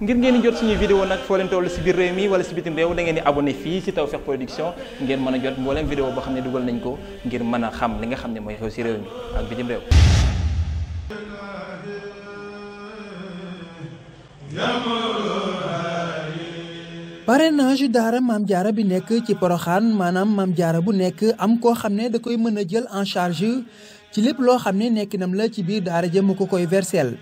ngir ngeen di jot suñu vidéo nag foo leen toll si biir réew mi wala si bitim réew da ngeen di abonné fii si Tawfekh Production ngeen mën a jot mbooleem vidéo boo xam ne dugal nañ ko ngir mën a xam li nga xam ne mooy xew si réew mi ak bitim réew jaara bi nekk ci poroxaan maanaam maam jaara bu nekk am koo xam ne da koy mën a jël en charge ci lépp loo xam ne nekkinam la ci biir daara jëm ko koy versel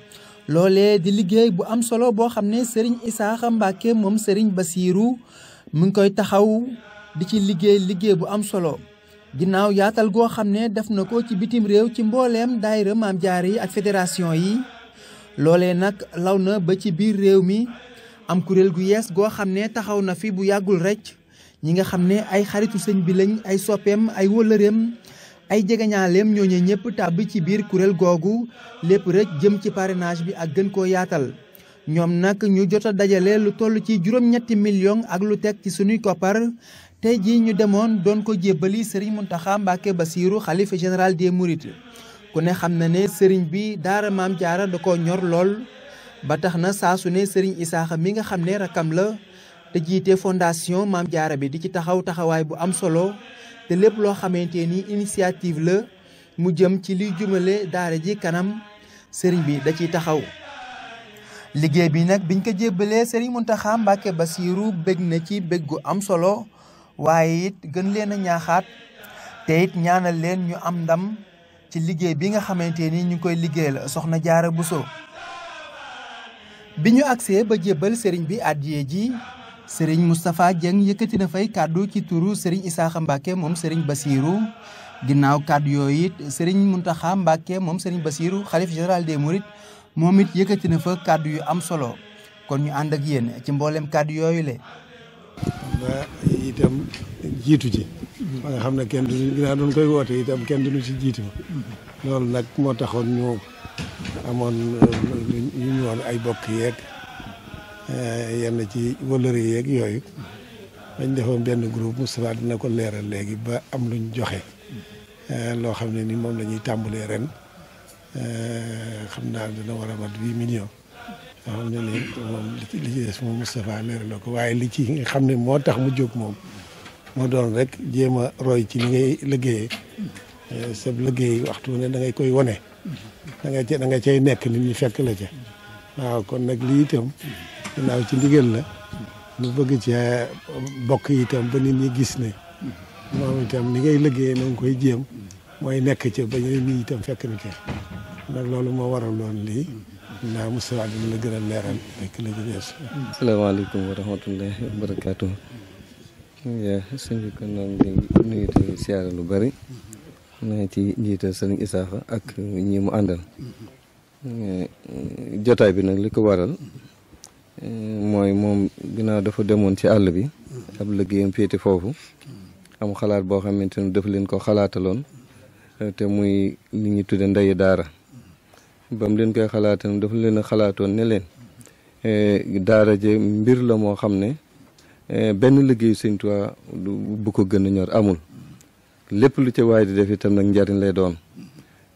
loolee di liggéey bu am solo boo xam ne Serigne Isaaxa Mbacke moom ba siiru mu ngi koy taxaw di ci liggéey liggéey bu am solo ginnaaw yaatal goo xam ne def na ko ci bitim réew ci mbooleem daayira Maam jaar yi ak fédération yi loole nag law na ba ci biir réew mi am kuréel gu yees goo xam ne taxaw na fi bu yàggul rekk ñi nga xam ne ay xaritu sëñ bi lañ ay soppeem ay wëllëreem ay jegeñaaleem ñooñu ñëpp tàbb ci biir kuréel googu lépp rek jëm ci parinage bi ak gën ko yaatal ñoom nag ñu jot a dajale lu toll ci juróom-ñetti millions ak lu teg ci sunuy koppar tey jii ñu demoon doon ko jébbali Serigne Mountakha Mbacké Bassirou xalifa général de murit ku ne xam na ne Serigne bi daara maam jaara da ko ñor lool ba tax na saa su ne Serigne Isaaxa mi nga xam ne rakam la te jiite fondation maam jaara bi di ci taxaw taxawaay bu am solo. te lépp loo xamante ni initiative la mu jëm ci liy jumale daara ji kanam sëriñ bi da ciy taxaw. liggéey bi nag biñ ko jébbalee sëriñ Mountakha Mbacké Bassirou bég na ci bég am solo waaye it gën leen a ñaaxaat te ñaanal leen ñu am ndam ci liggéey bi nga xamante ni ñu koy liggéeyal soxna Jaara Bousso bi ñu agsee ba jébbal sëriñ bi àddiyee ji. sëriñ Moustapha Dieng yëkkati na fay kàddu ci turu sëriñ Isaaxa Mbacke moom sëriñ Basiiru ginnaaw kàddu yooyu it sëriñ Muntaxa Mbacke moom sëriñ Basiiru xalif général des Mourides moom it yëkkati na fa kàddu yu am solo kon ñu ànd ak yéen ci mboolem kàddu yooyu le ba jiitu ci. ba nga xam ne kenn duñu dinaa doon koy woote itam kenn duñu ci jiitu loolu nag moo taxoon ñu amoon ñu ñu ay bokk yeeg. Eh, yenn ci wëllëre yeeg yooyu dañ defoon benn groupe Moustapha dina ko leeral léegi ba am lu ñu joxe eh, loo xam ne ni moom lañuy ñuy tàmbalee ren eh, xam naa dina war a mat huit millions nga xam ne ni moom ko waaye li ci xam ne moo tax mu jóg moom moo doon rek jéem a roy ci li ngay liggéeyee sa liggéey waxtu ne da ngay koy wone da da nga cay nekk nit ñi fekk la ca waaw kon nag lii itam ginnaaw ci ndigal la nu bëgg ci eh, bokk itam ba nit ñi gis ne moom itam ni ngay liggéeyee na nga koy jéem mooy nekk ci ba ñeneen ñi itam fekk na ca loolu moo waral loon lii naa la gën a leeral rek la ci lu bari naa ci njiital sëriñ Isaaxa ak ñi àndal eh, jotaay bi nag li ko waral mooy moom ginnaaw dafa demoon ci àll bi mm. ab liggéeyam féete foofu mm. am xalaat boo xamante ni dafa leen ko xalaataloon te muy li ñuy tudde ndeyu daara mm. bam leen koy xalaatan dafa leen a xalaatoon ne leen eh, daara je mbir la moo xam ne eh, benn liggéey Sëñ Tuubaa bu ko gën a ñor amul lépp lu ci waay di def itam nag njariñ lay doon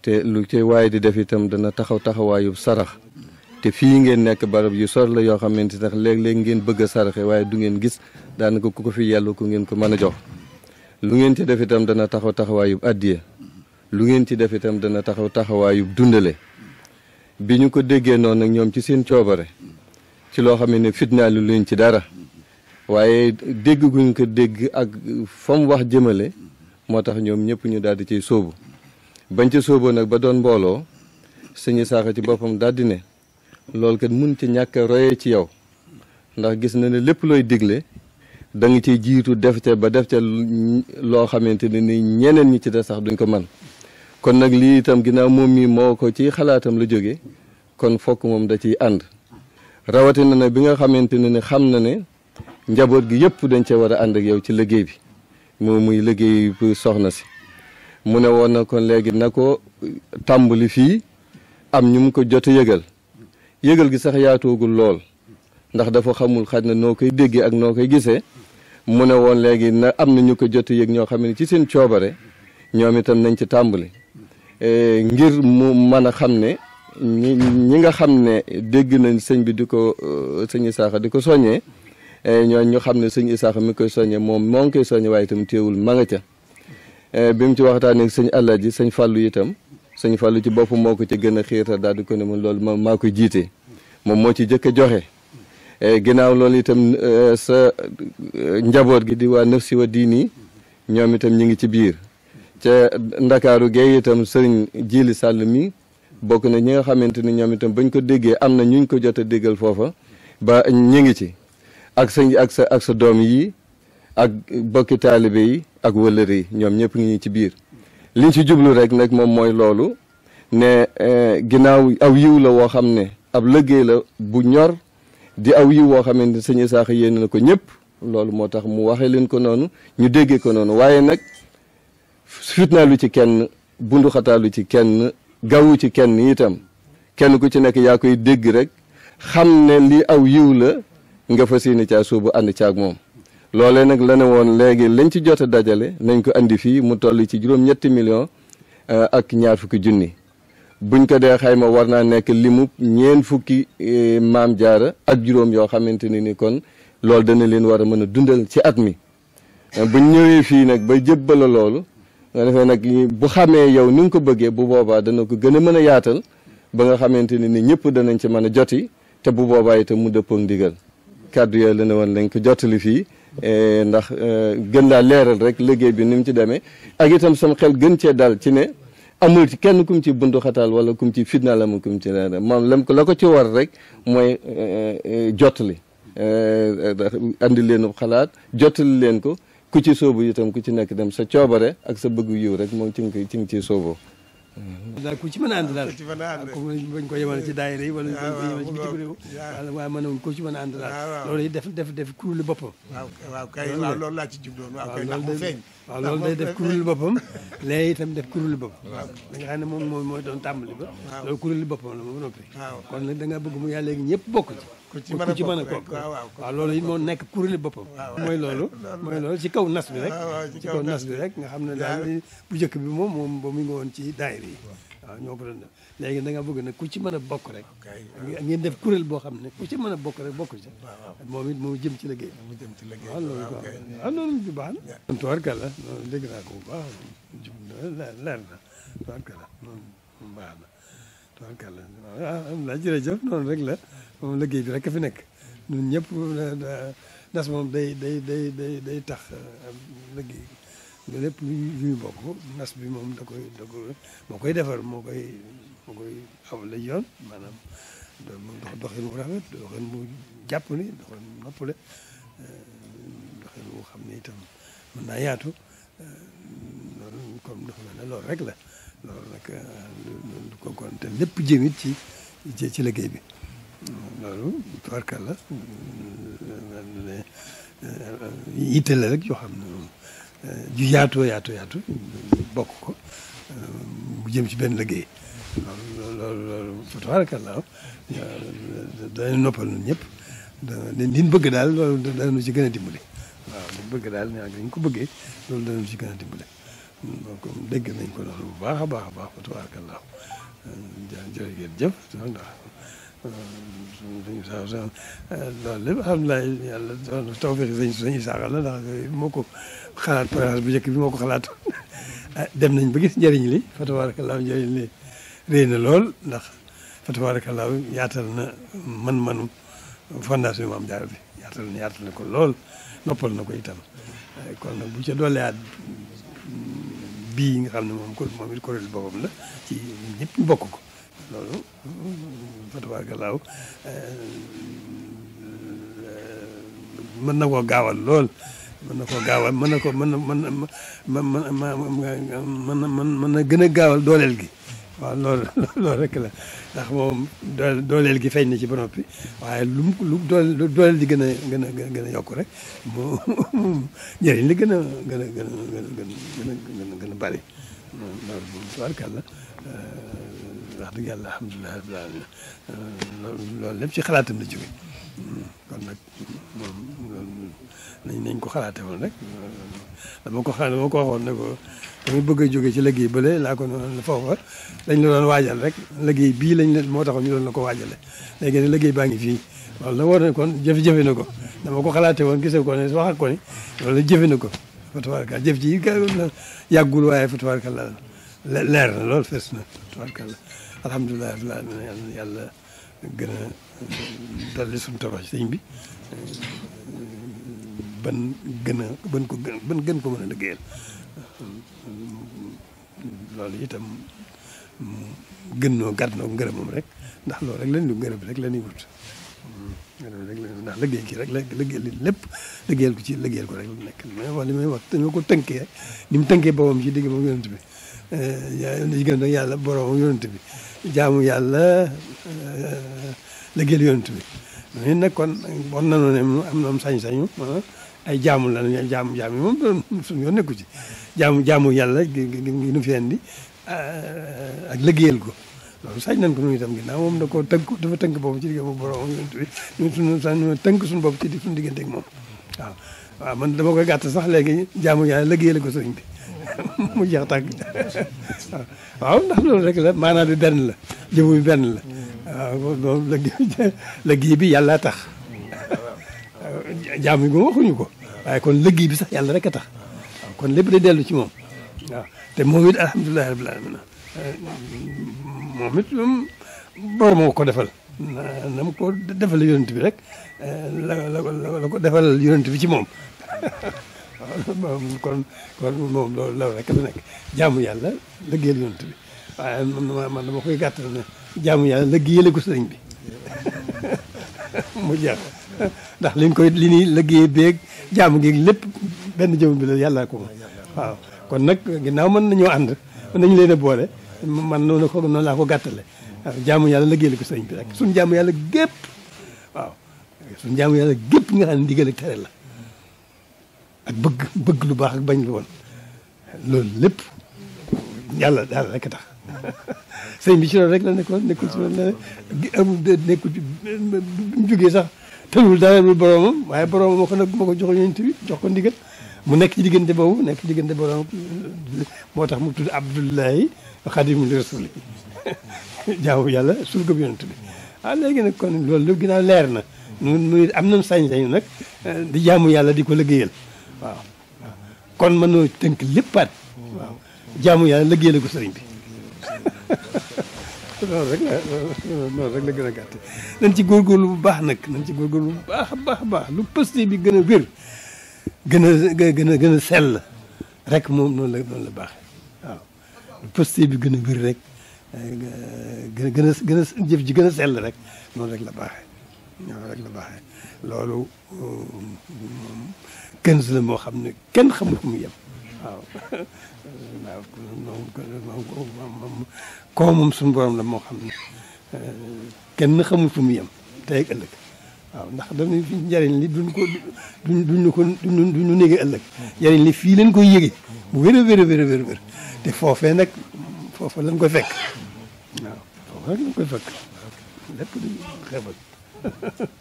te lu ci waaye di def itam dana taxaw taxawaayu sarax te fii ngeen nekk barab yu sor la yoo xamante ndax léeg-léeg ngeen bëgg a saraxe waaye du ngeen gis daanaka ku ko fi yàlla ku ngeen ko mën a jox lu ngeen ci def itam dana taxaw taxawaayub addiya lu ngeen ci def itam dana taxaw taxawaayub dundale bi ñu ko déggee noonu nag ñoom ci seen coobare ci loo xam ne lu luñ ci dara waaye dégg guñ ko dégg ak fa wax jëmale moo tax ñoom ñëpp ñu daal di ciy sóobu bañ ca sóoboo nag ba doon mbooloo suñu saaxa ci boppam daal ne loolu kat mun ci ñàkk a royee ci yow ndax gis na ni lépp looy digle danga nga ciy jiitu def ca ba def ca loo xamante ne ni ñeneen ñi ci des sax duñ ko man kon nag lii itam ginnaaw moom mii moo ko ciy xalaatam la jóge kon fokk moom da ciy ànd rawatina nag bi nga xamante ne ni xam na ne njaboot gi yëpp dañ cee war a ànd ak yow ci liggéey bi moo muy liggéey soxna si mu ne woon na kon léegi na ko tàmbali fii am ñu mu ko jot a yëgal yëgal gi sax yaatoogul lool ndax dafa xamul xaj na noo koy déggee ak noo koy gisee mu ne woon léegi na am na ñu ko jot yëg ñoo xam ne ci seen coobare ñoom itam nañ ci tàmbali e, ngir mu mën a xam ne ñi ñi nga xam ne dégg nañ sëñ bi di ko e, sëñ Isaaxa di ko soññee e, ñoo ñu xam ne sëñ Isaaxa mi koy soññee moom moo ngi koy soññee waaye itam téewul ma ca bi mu ci waxtaanee sëñ Alaaji sëñ Fàllu itam sëñ Fallou ci bopp moo ko ci gën a xiirtal daal ko ne man loolu ma maa ko jiite moom moo ci jëkk a joxe e, ginnaaw loolu itam e, sa e, njaboot gi di waa Nafsi wa diini ñoom itam ñu ngi ci biir ca ndakaaru gee itam sëriñ jiili Sàll mi bokk na ñi nga xamante ni ñoom itam bañ ko déggee am na ñuñ ko jot a déggal foofa ba ñu ngi ci ak sa ak sa ak sa doom yi ak bokki taalibe yi ak wëllër yi ñoom ñëpp ngi ñu ci biir li ñu ci jublu rek nag moom mooy loolu ne eh, ginnaaw aw yiw la woo xam ne ab liggéey la bu ñor di aw yiw woo xam ne sëñ Isaaxa yéene na ko ñëpp loolu moo tax mu waxee leen ko noonu ñu déggee ko noonu waaye nag fitnaalu ci kenn bunduxataalu ci kenn gawu ci kenn itam kenn ku ci nekk yaa koy dégg rek xam ne lii aw yiw la nga fas yéene caa soobu ànd caag moom loolee nag la ne woon léegi lañ ci jot a dajale nañ ko indi fii mu toll ci juróom-ñetti million euh, ak ñaar fukki junni buñ ko dee xayma war naa nekk limu ñeen fukki euh, maam jaara ak juróom yoo xamante ne ni kon loolu dana leen war a mën a dundal ci at mi euh, buñ ñëwee fii nag ba jébbala loolu nga defee nag bu xamee yow ni nga ko bëggee bu boobaa dana ko gën a mën a yaatal ba nga xamante ne ni ñëpp danañ ci mën a joti te bu boobaa itam mu dëppoog ndigal kàddu yooyu la ne woon ko jottali fii Eh, ndax eh, gën daa leeral rek liggéey bi ni mu ci demee ak itam sama xel gën cee dal ci ne amul ci kenn kum ci buntu xataal wala kum ci fitnaal amul kum ci leeral moom lam ko la ko ci war rek mooy eh, jottali andi leen xalaat jottali leen ko ku ci soobu itam ku ci nekk dem sa coobare ak sa bëgg yiw rek moom ci nga ci nga sooboo daal ku ci mën a ànd daal ci mën a ànd bañ ko yemale ci daayira yi wala bañ ko yemale ci bitim réew wala waaye mën nañ ko ci mën a ànd daal ah, loolu def def def kuréelu boppam waaw waaw kay waaw loolu laa ci jubloon waaw kay ndax mu feeñ waaw loolu day def kuréelu boppam léegi itam def kuréelu boppam da nga xam ne moom mooy doon tàmbali ba loolu kuréelu boppam la moom noppi kon nag da nga bëgg mu yàlla léegi ñëpp bokk ci ku ci mën a bokk waaw loolu it moo nekk kuréel boppam. mooy loolu. mooy loolu ci kaw nas bi rek. ci kaw nas bi rek nga xam ne daal bu njëkk bi moom moom ba mu ngi woon ci daayira yi. waaw ñoo ko doon def léegi da nga bëgg nag ku ci mën a bokk rek. ngeen def kuréel boo xam ne ku ci mën a bokk rek bokk ci. moom it mu jëm ci liggéey. mu jëm ci liggéey waaw loolu quoi waaw ah, loolu ju baax na. kon tubarkalla loolu dégg naa ko bu baax leer na tubarkalla loolu baax na tubarkalla waaw ah, ah, am na jërëjëf noonu rek la. moom liggéey bi rek fi nekk ñun ñëpp nas moom day day day day day tax euh, liggéey lépp lu ñu bokk nas bi moom da koy da moo koy defar moo koy moo koy awla maanaam doxin bu rafet doxin bu jàpp ni doxin bu noppale euh, doxin bu xam ne itam mën naa yaatu euh, loolu comme dafa mel ne loolu rek la loolu nag kon kon te lépp jëmit ci ci liggéey bi loolu tubarkal la yitte la rek yoo xam ne moom ju yaatu yaatu yaatu bokk ko mu jëm ci benn liggéey loolu loolu loolu tubarkal la ah, danañ noppal ñun ñëpp liñ bëgg daal loolu danañu ci gën a dimbali waaw liñ bëgg daal dañ ko bëggee loolu danañu ci gën a dimbali donc dégg nañ ko loolu bu baax a baax a baax tubarkal la jërëjëf ndax sëñ sa sa loolu lépp alhamdulilah yàlla tawfeex sëñ sëñ Isaaxa la ndax moo ko xalaat programme bu njëkk bi moo ko xalaat dem nañ ba gis njariñ li fa tabaarakallaa njëriñ li réy na lool ndax fa tabaarakallaa yaatal na man-manu fondation Maam Jaara bi yaatal na yaatal na ko lool noppal na ko itam kon nag bu ca dooleyaat bii nga xam ne moom ko moom it kuréel boppam la ci ñëpp ko loolu fatawaa galaaw euh, euh, mën na koo gaawal lool mën na koo gaawal mën na ko mën na mën na mën na mën na gën a gaawal dooleel gi waaw loolu loolu rek la ndax moom dooleel gi feeñ na ci ba noppi waaye lu mu lu doole dooleel di gën a gën a gën a yokk rek mu njëriñ li gën a gën a gën a gën a gën a gën a bari loolu moom tubaarkàlla euh, wax dëgg yàlla alhamdulilah rabbil alamin loolu lépp ci xalaatam la jóge kon nag nañ ko xalaatee woon rek dama ko xalaat dama ko waxoon ne ko bëgg a jóge ci liggéey bële laa ko noonu la foofa dañ la doon waajal rek liggéey bii lañ la moo taxoon ñu doon la ko waajal lé nag liggéey baa ngi fii loolu la war na kon jëfe-jëfe na ko dama ko xalaatee woon gisee ko ne wax ak ko loolu la jëfe na ko fatawarkal jëf ji yàggul waaye fatawarkal la leer na lool fees na tabarkàlla alhamdulilah rabbil alamin yàlla gën a dolli suñu sëñ bi ban gën a ko gën ban gën ko mën a liggéeyal loolu itam gën noo gàtt noo ngërëmam rek ndax loolu rek lañ du ngërëm rek la ñuy wut ngërëm rek ndax liggéey kii rek la liggéeyal lépp liggéeyal ko ci liggéeyal ko rek la nekk mais wax li may ko tënkee ni mu tënkee boobam ci digg bi nañ gën a yàlla borom yonent bi jaamu yàlla liggéeyal yonent bi ñun nag kon bon nañu ne am na sañ-sañu ah, ay jaamu lañu ay jaamu jaamu yi moom suñu yoon nekku ci jaamu jaamu yàlla gi gi nu fi indi ak liggéeyal ko loolu sañ nañ ko ñun itam ginnaaw moom da koo tënk dafa tënk boobu ci diggante borom yonent bi tënk suñu bopp ci suñu diggante moom waaw waaw man dama koy gàtt sax léegi jaamu yàlla liggéeyal ko sëriñ bi mu jeex tàgg waaw ndax loolu rek la maanaam bi benn la jëmu bi benn la waaw loolu liggéey bi yàlla tax jaamu gi waxuñu ko waaye kon liggéey bi sax yàlla rekk a tax kon lépp day dellu ci moom te moom it alhamdulilahi rabbil alamin moom it moom bor moo ko defal na mu ko defal yonent bi rek eh, la la ko defal yonent bi ci moom kon kon moom loolu loolu rek la nekk jaamu yàlla lëggéeyal yonent bi waaye man dama koy gàttal ne jaamu yàlla ko sëriñ bi mu jeex ndax liñ koy li ñuy lëggéey beeg jaamu ngeeg lépp benn jëmm bi la yàllaa ko moom waaw kon nag ginnaaw mën nañoo ànd mën nañu leen a boole man noonu ko noonu laa ko gàttale waaw jaamu yàlla lëggéeyal ko sëriñ bi rek suñ jaamu yàlla gépp waaw suñu jaamu yàlla gépp nga xam ne ndigal ak tere la bëgg bëgg lu baax ak bañ lu woon loolu lépp yàlla daal rek tax sëñ bi ci loolu rek la nekkoon nekkul ci loolu la amul nekkul sax tënul dara lu boromam waaye boromam moo ko moo ko jox yonent bi jox ko ndigal mu nekk ci diggante boobu nekk ci diggante boromam moo tax mu tudd Abdullahi xadimu rasuli jaamu yàlla surga bi yonent bi ah léegi nag kon loolu lu ginnaaw leer na. ñun muy am nañu sañ-sañu nag di jaamu yàlla di ko liggéeyal waaw kon mënoo tënk léppaat waaw jaamu yàlla liggéeyal ko sëriñ bi loolu rek la gën a gàtt nañ ci góor góorgóorlu bu baax nag nañ ci góorgóorlu bu baax a baax baax lu pëste bi gën a wér gën a gën a gën a sell rek moom noonu la noonu la baax waaw bi gën a wér rek gën a gën a gën a jëf ji gën a sell rek rek la baaxee noonu rek la baaxee loolu um, këns moo xam ne kenn xamul fu mu yem waaw waaw moom suñu borom la moo xam ne kenn xamul fu mu yem tey ak ëllëg li duñ ko duñ duñ ko duñ duñu négee ëllëg njëriñ li fii leen koy yëgee bu wér a wér a wér a wér te foofee nag foofa lañ koy fekk waaw foofa nag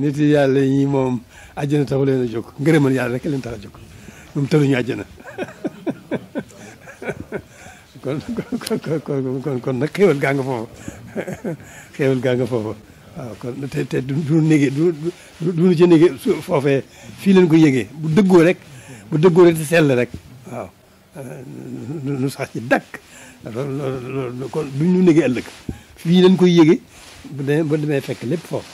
nit yi yàlla yi moom àjjana taxu a jóg ngërëmal yàlla rek leen tax a jóg moom tëluñu àjjana kon kon kon kon nag xéwal gaa nga foofa xéwal gaa nga foofa kon te te duñu négee du duñu ci négee fii leen ko yégee bu dëggoo rek bu dëggoo rek nu sax ci dakk loolu loolu kon duñu fii leen koy yégee bu demee fekk lépp foofu